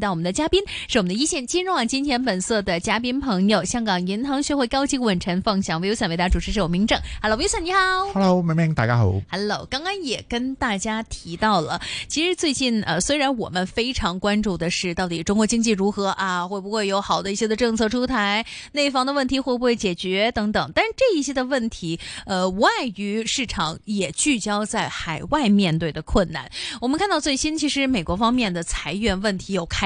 到我們的嘉賓是我們的一線金融網金錢本色的嘉賓朋友，香港銀行學會高級顧問陳鳳翔，Wilson 為大家主持人，是我明正。Hello Wilson，你好。Hello 明明，大家好。Hello，剛剛也跟大家提到了，其實最近呃，雖然我們非常關注的是到底中國經濟如何啊，會不會有好的一些的政策出臺，內房的問題會不會解決等等，但這一些的問題呃，外於市場也聚焦在海外面對的困難。我們看到最新，其實美國方面的裁員問題有開。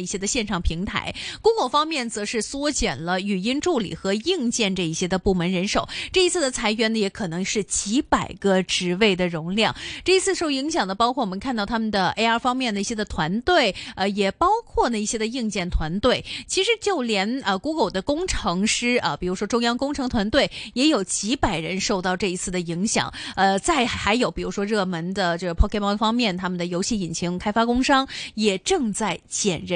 一些的線上平台，Google 方面則是縮減了語音助理和硬件這一些的部門人手。這一次的裁員呢，也可能是幾百個職位的容量。這一次受影響的，包括我們看到他們的 AR 方面的一些的團隊，呃，也包括那一些的硬件團隊。其實就連啊、呃，Google 的工程師啊、呃，比如說中央工程團隊，也有幾百人受到這一次的影響。呃，再還有比如說熱門的這個 Pokémon 方面，他們的遊戲引擎開發工商也正在減人。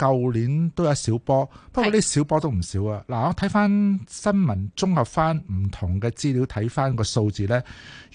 舊年都有小波，不過呢小波都唔少啊！嗱，我睇翻新聞，綜合翻唔同嘅資料，睇翻個數字呢，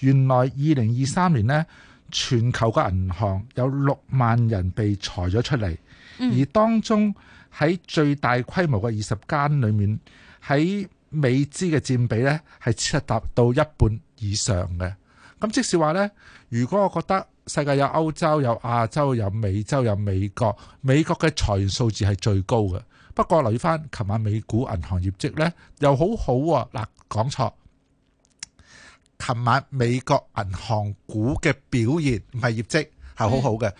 原來二零二三年呢、嗯，全球嘅銀行有六萬人被裁咗出嚟、嗯，而當中喺最大規模嘅二十間裡面，喺美資嘅佔比呢，係達到一半以上嘅。咁即使話呢，如果我覺得世界有歐洲、有亞洲、有美洲、有美國，美國嘅裁員數字係最高嘅。不過，留意翻琴晚美股銀行業績呢又好好、哦、喎。嗱，講錯，琴晚美國銀行股嘅表現唔係業績係好好嘅。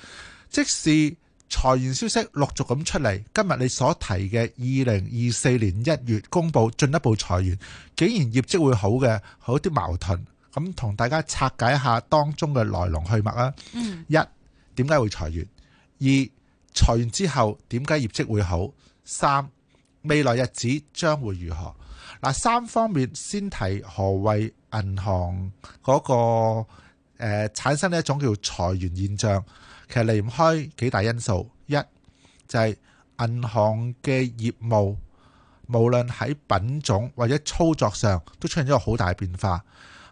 即使裁員消息陸續咁出嚟，今日你所提嘅二零二四年一月公布進一步裁員，竟然業績會好嘅，好啲矛盾。咁同大家拆解一下當中嘅來龍去脈啦、嗯。一，點解會裁員？二，裁員之後點解業績會好？三，未來日子將會如何？嗱，三方面先提何謂銀行嗰、那個誒、呃、產生呢一種叫裁員現象，其實離唔開幾大因素。一就係、是、銀行嘅業務，無論喺品種或者操作上，都出現咗好大變化。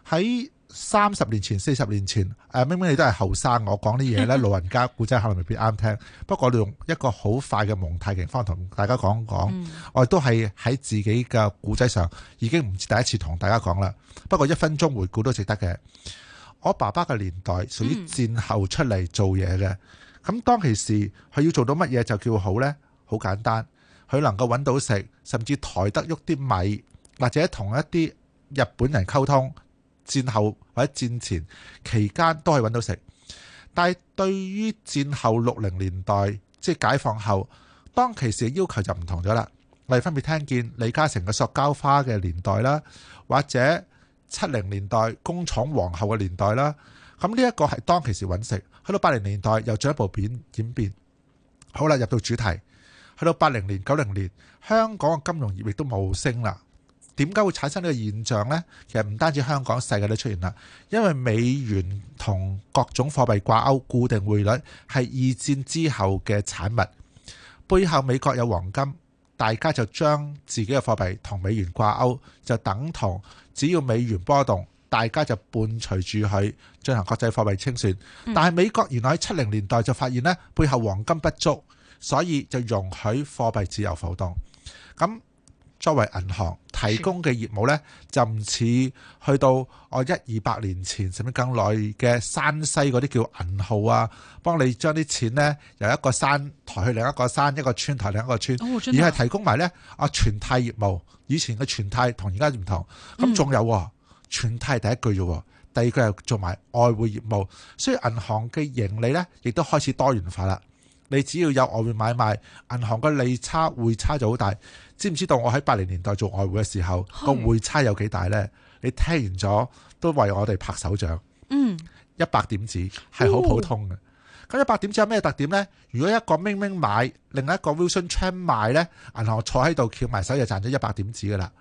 喺三十年前、四十年前，誒，明明你都係後生。我講啲嘢咧， 老人家古仔可能未必啱聽。不過我用一個好快嘅蒙太奇方同大家講講，我亦都係喺自己嘅古仔上已經唔止第一次同大家講啦。不過一分鐘回顧都值得嘅。我爸爸嘅年代屬於戰後出嚟做嘢嘅。咁 當其時，佢要做到乜嘢就叫好咧？好簡單，佢能夠揾到食，甚至抬得喐啲米，或者同一啲日本人溝通。戰後或者戰前期間都係揾到食，但係對於戰後六零年代即係解放後，當其時嘅要求就唔同咗啦。我哋分別聽見李嘉誠嘅塑膠花嘅年代啦，或者七零年代工廠皇后嘅年代啦。咁呢一個係當其時揾食，去到八零年代又進一步變演變。好啦，入到主題，去到八零年九零年，香港嘅金融業亦都冇升啦。點解會產生呢個現象呢？其實唔單止香港，世界都出現啦。因為美元同各種貨幣掛鈎固，固定匯率係二戰之後嘅產物，背後美國有黃金，大家就將自己嘅貨幣同美元掛鈎，就等同只要美元波動，大家就伴隨住佢進行國際貨幣清算。但係美國原來喺七零年代就發現呢，背後黃金不足，所以就容許貨幣自由浮動。咁作為銀行，提供嘅業務呢，就唔似去到我一二百年前甚至更耐嘅山西嗰啲叫銀號啊，幫你將啲錢呢由一個山抬去另一個山，一個村抬另一個村，個村個村哦、而係提供埋呢我存貸業務。以前嘅存貸同而家唔同，咁仲有、嗯、存貸係第一句啫，第二句係做埋外匯業務，所以銀行嘅盈利呢，亦都開始多元化啦。你只要有外匯買賣，銀行個利差匯差就好大。知唔知道我喺八零年代做外匯嘅時候，個、嗯、匯差有幾大呢？你聽完咗都為我哋拍手掌。嗯，一百點子係好普通嘅。咁一百點子有咩特點呢？如果一個明明買，另一個 Wilson Chan 賣呢，銀行坐喺度翹埋手就賺咗一百點子噶啦。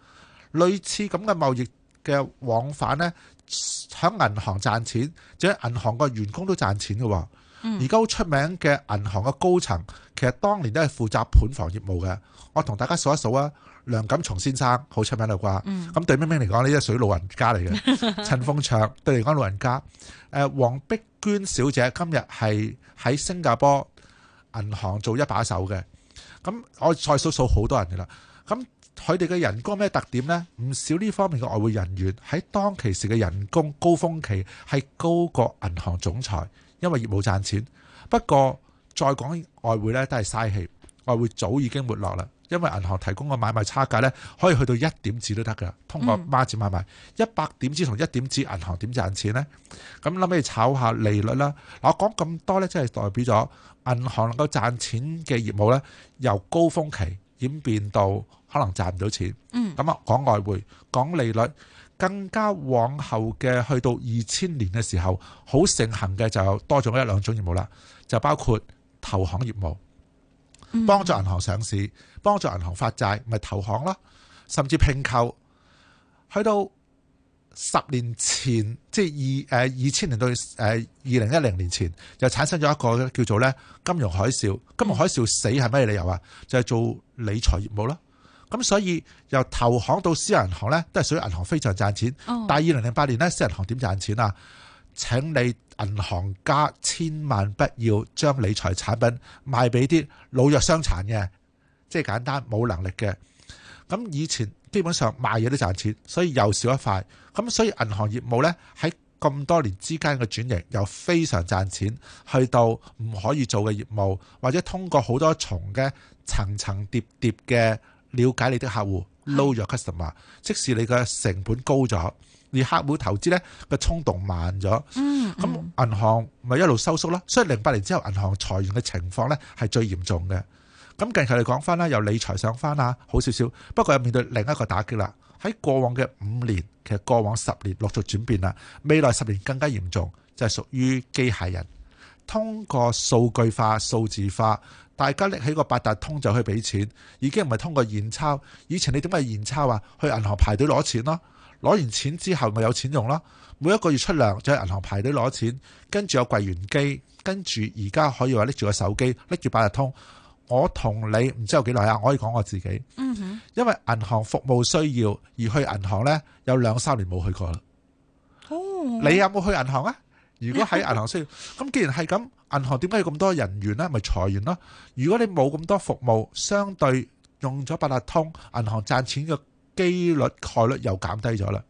類似咁嘅貿易嘅往返呢，喺銀行賺錢，仲喺銀行個員工都賺錢嘅。而家好出名嘅銀行嘅高層，其實當年都係負責盤房業務嘅。我同大家數一數啊，梁錦松先生好出名啦啩。咁、嗯、對明明嚟講，呢啲係屬於老人家嚟嘅。 陳鳳翔對嚟講老人家，誒黃碧娟小姐今日係喺新加坡銀行做一把手嘅。咁我再數數好多人嘅啦。咁佢哋嘅人工咩特點呢？唔少呢方面嘅外匯人員喺當其時嘅人工高峰期係高過銀行總裁。因為業務賺錢，不過再講外匯呢都係嘥氣，外匯早已經沒落啦。因為銀行提供嘅買賣差價呢，可以去到一點子都得㗎，通過孖展買賣，一百點子同一點子，銀行點賺錢呢？咁諗起炒下利率啦。嗱，我講咁多呢，即係代表咗銀行能夠賺錢嘅業務呢，由高峯期演變到可能賺唔到錢。嗯，咁啊，講外匯，講利率。更加往後嘅去到二千年嘅時候，好盛行嘅就多咗一兩種業務啦，就包括投行業務，幫助銀行上市，幫助銀行發債，咪、就是、投行咯，甚至併購。去到十年前，即係二誒二千年到誒二零一零年前，就產生咗一個叫做咧金融海嘯。金融海嘯死係咩理由啊？就係、是、做理財業務咯。咁所以由投行到私人銀行呢，都係屬於銀行非常賺錢。嗯、但係二零零八年呢，私人銀行點賺錢啊？請你銀行家，千萬不要將理財產品賣俾啲老弱傷殘嘅，即係簡單冇能力嘅。咁以前基本上賣嘢都賺錢，所以又少一塊。咁所以銀行業務呢，喺咁多年之間嘅轉型，又非常賺錢，去到唔可以做嘅業務，或者通過好多重嘅層層疊疊嘅。了解你的客戶 Know your customer，即使你嘅成本高咗，而客戶投資呢個衝動慢咗，咁、嗯嗯、銀行咪一路收縮啦。所以零八年之後，銀行裁員嘅情況呢係最嚴重嘅。咁近期嚟講翻啦，由理財上翻啊，好少少。不過又面對另一個打擊啦。喺過往嘅五年，其實過往十年陸續轉變啦，未來十年更加嚴重，就係、是、屬於機械人。通過數據化、數字化，大家拎起個八達通就去俾錢，已經唔係通過現鈔。以前你點解現鈔啊？去銀行排隊攞錢咯，攞完錢之後咪有錢用咯。每一個月出糧就去銀行排隊攞錢，跟住有櫃員機，跟住而家可以話拎住個手機，拎住八達通。我同你唔知有幾耐啊？我可以講我自己，因為銀行服務需要而去銀行呢，有兩三年冇去過啦。你有冇去銀行啊？如果喺銀行需要咁，既然係咁，銀行點解要咁多人員呢？咪裁員咯。如果你冇咁多服務，相對用咗八達通，銀行賺錢嘅機率概率又減低咗啦。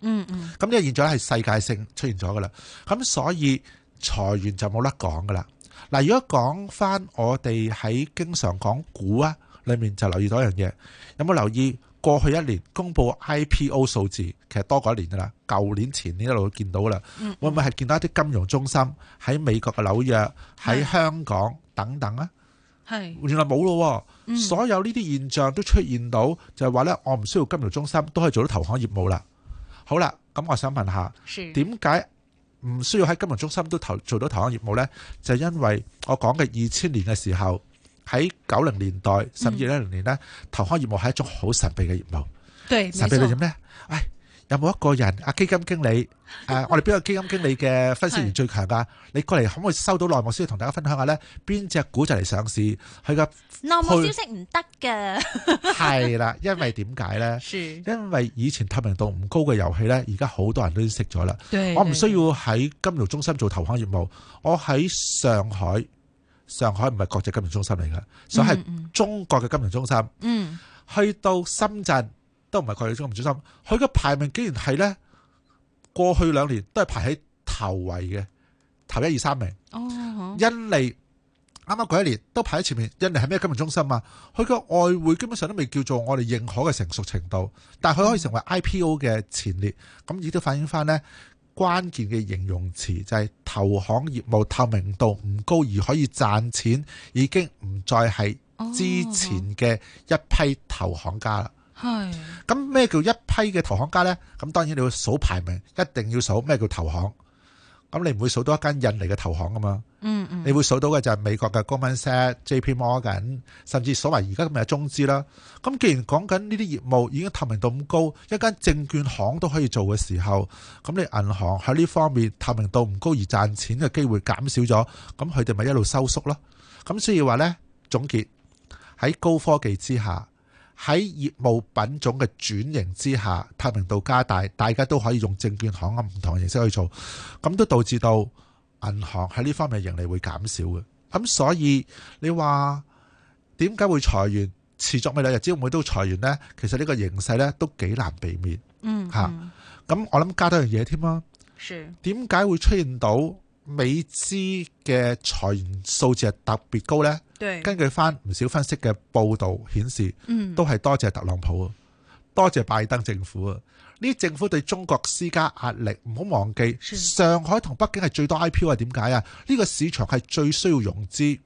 嗯嗯。咁呢個現象係世界性出現咗噶啦。咁所以裁員就冇得講噶啦。嗱，如果講翻我哋喺經常講股啊，裡面就留意到一樣嘢，有冇留意？過去一年公布 IPO 數字，其實多過一年噶啦。舊年前年一路都見到噶啦，會唔會係見到一啲金融中心喺美國嘅紐約、喺香港等等啊？係原來冇咯，所有呢啲現象都出現到，就係話呢，我唔需要金融中心都可以做到投行業務啦。好啦，咁我想問下，點解唔需要喺金融中心都投做到投行業務呢？就係因為我講嘅二千年嘅時候。喺九零年代甚至一零年呢、嗯，投行業務係一種好神秘嘅業務。對神秘在咩？唉、哎，有冇一個人啊？基金經理，誒、 啊，我哋邊個基金經理嘅分析員最強噶？你過嚟可唔可以收到內幕消息，同大家分享下呢？邊隻股就嚟上市，佢嘅內幕消息唔得嘅。係 啦，因為點解呢？因為以前透明度唔高嘅遊戲呢，而家好多人都已經識咗啦。我唔需要喺金融中心做投行業務，我喺上海。上海唔係國際金融中心嚟㗎，所以係中國嘅金融中心。去到深圳都唔係國際金融中心，佢嘅、嗯嗯、排名竟然係呢。過去兩年都係排喺頭位嘅頭一二三名。哦，好、嗯，印尼啱啱嗰一年都排喺前面，印尼係咩金融中心啊？佢嘅外匯基本上都未叫做我哋認可嘅成熟程度，但係佢可以成為 IPO 嘅前列，咁亦都反映翻呢。關鍵嘅形容詞就係投行業務透明度唔高而可以賺錢，已經唔再係之前嘅一批投行家啦。係，咁、oh。咩叫一批嘅投行家呢？咁當然你要數排名，一定要數咩叫投行。咁你唔會數到一間印尼嘅投行噶嘛？嗯嗯，你會數到嘅就係美國嘅 Goldman Sachs、JP Morgan，甚至所謂而家咁嘅中資啦。咁既然講緊呢啲業務已經透明度咁高，一間證券行都可以做嘅時候，咁你銀行喺呢方面透明度唔高而賺錢嘅機會減少咗，咁佢哋咪一路收縮咯。咁所以話呢，總結喺高科技之下。喺業務品種嘅轉型之下，透明度加大，大家都可以用證券行嘅唔同嘅形式去做，咁都導致到銀行喺呢方面嘅盈利會減少嘅。咁、嗯、所以你話點解會裁員？持續未來日子會唔會都裁員呢？其實呢個形勢咧都幾難避免。嗯，吓、嗯、咁、啊、我諗加多樣嘢添啦。是。點解會出現到？美資嘅裁員數字係特別高呢。根據翻唔少分析嘅報導顯示，嗯、都係多謝特朗普，多謝拜登政府啊！呢政府對中國施加壓力，唔好忘記上海同北京係最多 IPO 係點解啊？呢、呢個市場係最需要融資，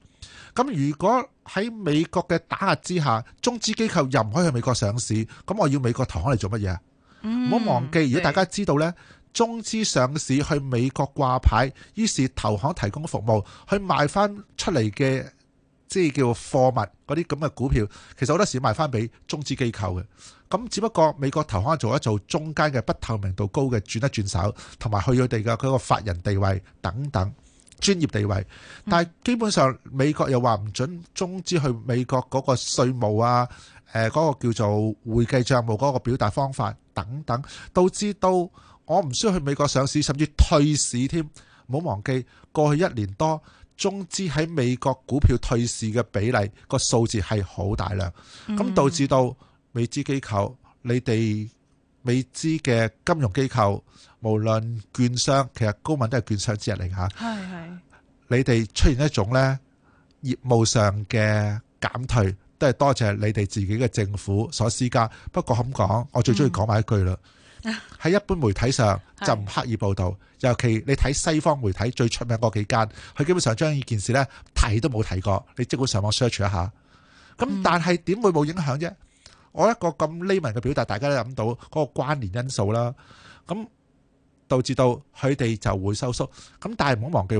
咁如果喺美國嘅打壓之下，中資機構又唔可以去美國上市，咁我要美國投行嚟做乜嘢啊？唔、嗯、好忘記，如果大家知道呢。中資上市去美國掛牌，於是投行提供服務去賣翻出嚟嘅，即係叫貨物嗰啲咁嘅股票，其實好多時賣翻俾中資機構嘅。咁只不過美國投行做一做中間嘅不透明度高嘅轉一轉手，同埋去佢哋嘅佢個法人地位等等專業地位。但係基本上美國又話唔準中資去美國嗰個稅務啊，誒、那、嗰個叫做會計帳務嗰個表達方法等等，導致到。我唔需要去美國上市，甚至退市添。唔好忘記過去一年多，中資喺美國股票退市嘅比例個數字係好大量，咁、嗯、導致到美資機構，你哋美資嘅金融機構，無論券商，其實高文都係券商之一嚟噶吓。係係。你哋出現一種呢業務上嘅減退，都係多謝你哋自己嘅政府所施加。不過咁講，我最中意講埋一句啦。嗯喺一般媒體上就唔刻意報導，尤其你睇西方媒體最出名嗰幾間，佢基本上將呢件事咧提都冇提過。你即管上網 search 一下，咁但係點會冇影響啫？我一個咁 layman 嘅表達，大家都諗到嗰個關聯因素啦。咁導致到佢哋就會收縮。咁但係唔好忘記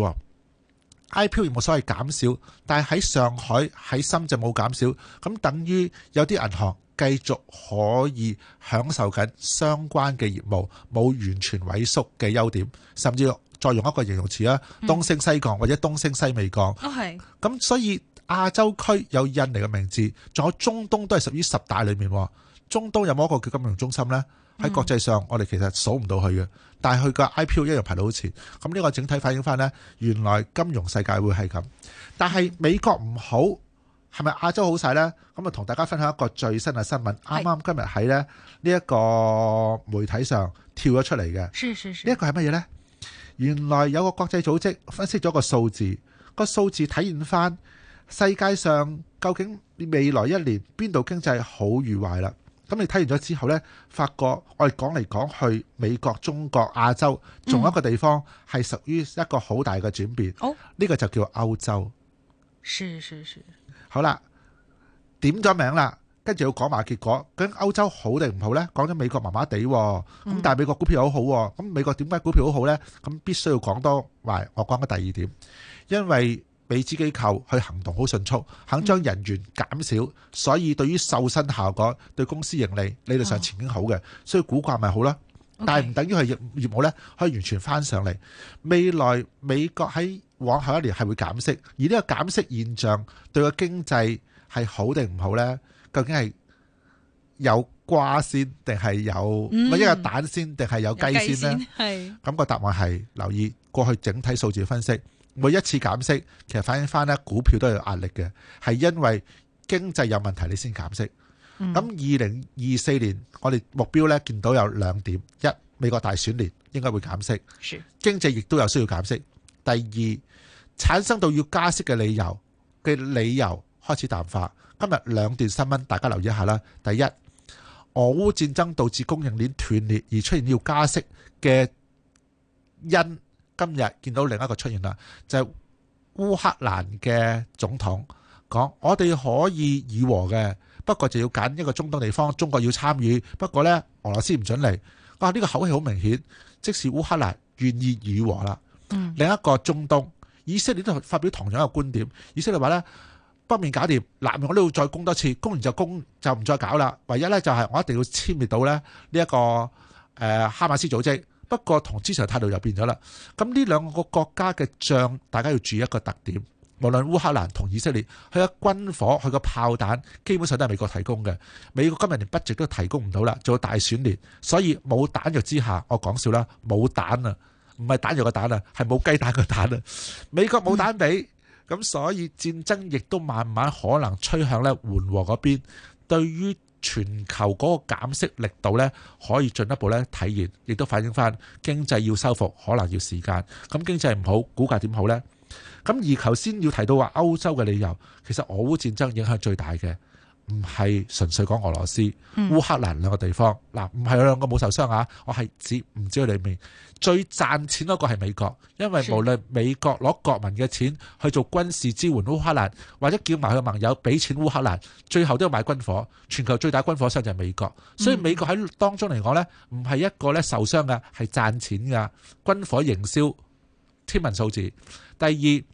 ，IPO 冇所謂減少，但係喺上海喺深圳就冇減少。咁等於有啲銀行。繼續可以享受緊相關嘅業務，冇完全萎縮嘅優點，甚至再用一個形容詞啦，嗯、東升西降或者東升西未降。咁 Okay. 所以亞洲區有印尼嘅名字，仲有中東都係屬於十大裏面。中東有冇一個叫金融中心呢？喺國際上，我哋其實數唔到佢嘅，但係佢個 IPO 一樣排到好前。咁呢個整體反映翻呢，原來金融世界會係咁。但係美國唔好。係咪亞洲好晒呢？咁啊，同大家分享一個最新嘅新聞，啱啱今日喺呢呢一個媒體上跳咗出嚟嘅。呢一、呢個係乜嘢呢？原來有個國際組織分析咗個數字，個數字體現翻世界上究竟未來一年邊度經濟好與壞啦。咁你睇完咗之後呢，發覺我哋講嚟講去美國、中國、亞洲，仲有一個地方係屬於一個好大嘅轉變。呢、嗯呢個就叫歐洲。是是是。好啦，點咗名啦，跟住要講埋結果，究竟歐洲好定唔好呢？講咗美國麻麻地，咁但係美國股票好好，咁美國點解股票好好呢？咁必須要講多埋，我講嘅第二點，因為美資機構佢行動好迅速，肯將人員減少，所以對於瘦身效果、對公司盈利、理論上前景好嘅，所以股價咪好啦。但係唔等於係業業務呢，可以完全翻上嚟。未來美國喺往後一年係會減息，而呢個減息現象對個經濟係好定唔好呢？究竟係有掛先定係有，咪一個蛋先定係有雞先呢？係咁個答案係留意過去整體數字分析，每一次減息其實反映翻呢，股票都有壓力嘅，係因為經濟有問題你先減息。咁二零二四年我哋目標呢見到有兩點：一，美國大選年應該會減息，經濟亦都有需要減息。第二，產生到要加息嘅理由嘅理由開始淡化。今日兩段新聞，大家留意一下啦。第一，俄烏戰爭導致供應鏈斷裂而出現要加息嘅因，今日見到另一個出現啦，就係烏克蘭嘅總統講：我哋可以議和嘅，不過就要揀一個中東地方，中國要參與，不過呢，俄羅斯唔准嚟。哇！呢個口氣好明顯，即使烏克蘭願意議和啦。另一個中東，以色列都發表同樣嘅觀點，以色列話呢北面搞掂，南面我都要再攻多次，攻完就攻就唔再搞啦。唯一呢就係我一定要殲滅到呢呢一個誒哈馬斯組織。不過同之前態度又變咗啦。咁呢兩個國家嘅仗，大家要注意一個特點，無論烏克蘭同以色列，佢嘅軍火、佢嘅炮彈基本上都係美國提供嘅。美國今日連 budget 都提供唔到啦，做大選年，所以冇彈藥之下，我講笑啦，冇彈啊！唔係彈藥個彈啊，係冇雞蛋個蛋啊！美國冇蛋尾，咁、嗯、所以戰爭亦都慢慢可能趨向咧緩和嗰邊。對於全球嗰個減息力度咧，可以進一步咧體現，亦都反映翻經濟要修復可能要時間。咁經濟唔好，股價點好呢？咁而頭先要提到話歐洲嘅理由，其實俄烏戰爭影響最大嘅。唔係純粹講俄羅斯、嗯、烏克蘭兩個地方，嗱，唔係有兩個冇受傷啊！我係指唔知佢裏面最賺錢嗰個係美國，因為無論美國攞國民嘅錢去做軍事支援烏克蘭，或者叫埋佢盟友俾錢烏克蘭，最後都要買軍火。全球最大軍火商就係美國，所以美國喺當中嚟講呢，唔係一個呢受傷嘅，係賺錢嘅軍火營銷，天文數字。第二。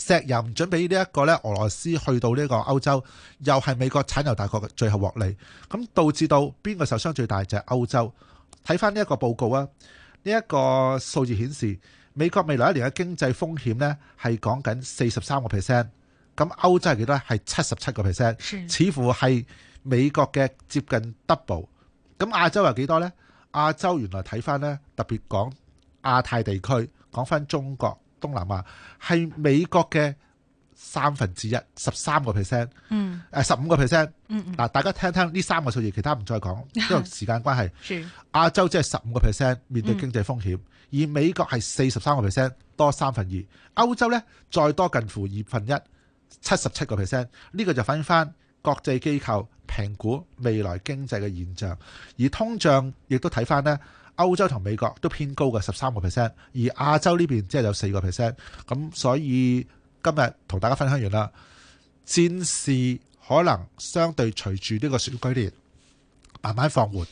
石油唔準備呢一個咧，俄羅斯去到呢個歐洲，又係美國產油大國嘅最後獲利，咁導致到邊個受傷最大就係歐洲。睇翻呢一個報告啊，呢一個數字顯示美國未來一年嘅經濟風險咧係講緊四十三個 percent，咁歐洲係幾多咧？係七十七個 percent，似乎係美國嘅接近 double。咁亞洲有幾多咧？亞洲原來睇翻咧，特別講亞太地區，講翻中國。東南亞係美國嘅三分之一，十三個 percent，嗯，誒十五個 percent，嗯嗯，嗱，大家聽聽呢三個數字，其他唔再講，因為時間關係。亞洲即係十五個 percent 面對經濟風險，而美國係四十三個 percent 多三分二，歐洲呢，再多近乎二分一，七十七個 percent，呢個就反映翻國際機構評估未來經濟嘅現象，而通脹亦都睇翻呢，歐洲同美國都偏高嘅，十三個 percent，而亞洲呢邊即係有四個 percent，咁所以今日同大家分享完啦。戰事可能相對隨住呢個選舉年慢慢放緩，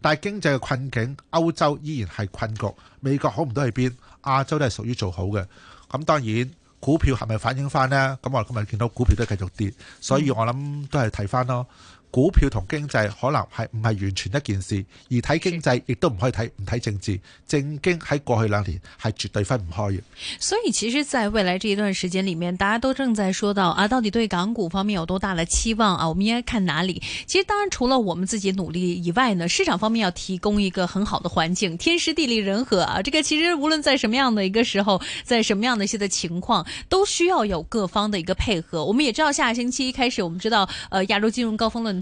但係經濟嘅困境，歐洲依然係困局，美國好唔到去邊，亞洲都係屬於做好嘅。咁當然股票係咪反映翻呢？咁我今日見到股票都繼續跌，所以我諗都係睇翻咯。嗯股票同經濟可能係唔係完全一件事，而睇經濟亦都唔可以睇唔睇政治，政經喺過去兩年係絕對分唔開嘅。所以其實，在未來這一段時間裏面，大家都正在說到啊，到底對港股方面有多大的期望啊？我們應該看哪裏？其實當然，除了我們自己努力以外呢，市場方面要提供一個很好的環境，天時地利人和啊，這個其實無論在什麼樣的一個時候，在什麼樣的一些的情況，都需要有各方的一個配合。我們也知道，下個星期一開始，我們知道，呃，亞洲金融高峰論。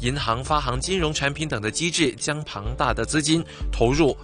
銀行發行金融產品等的機制，將龐大的資金投入。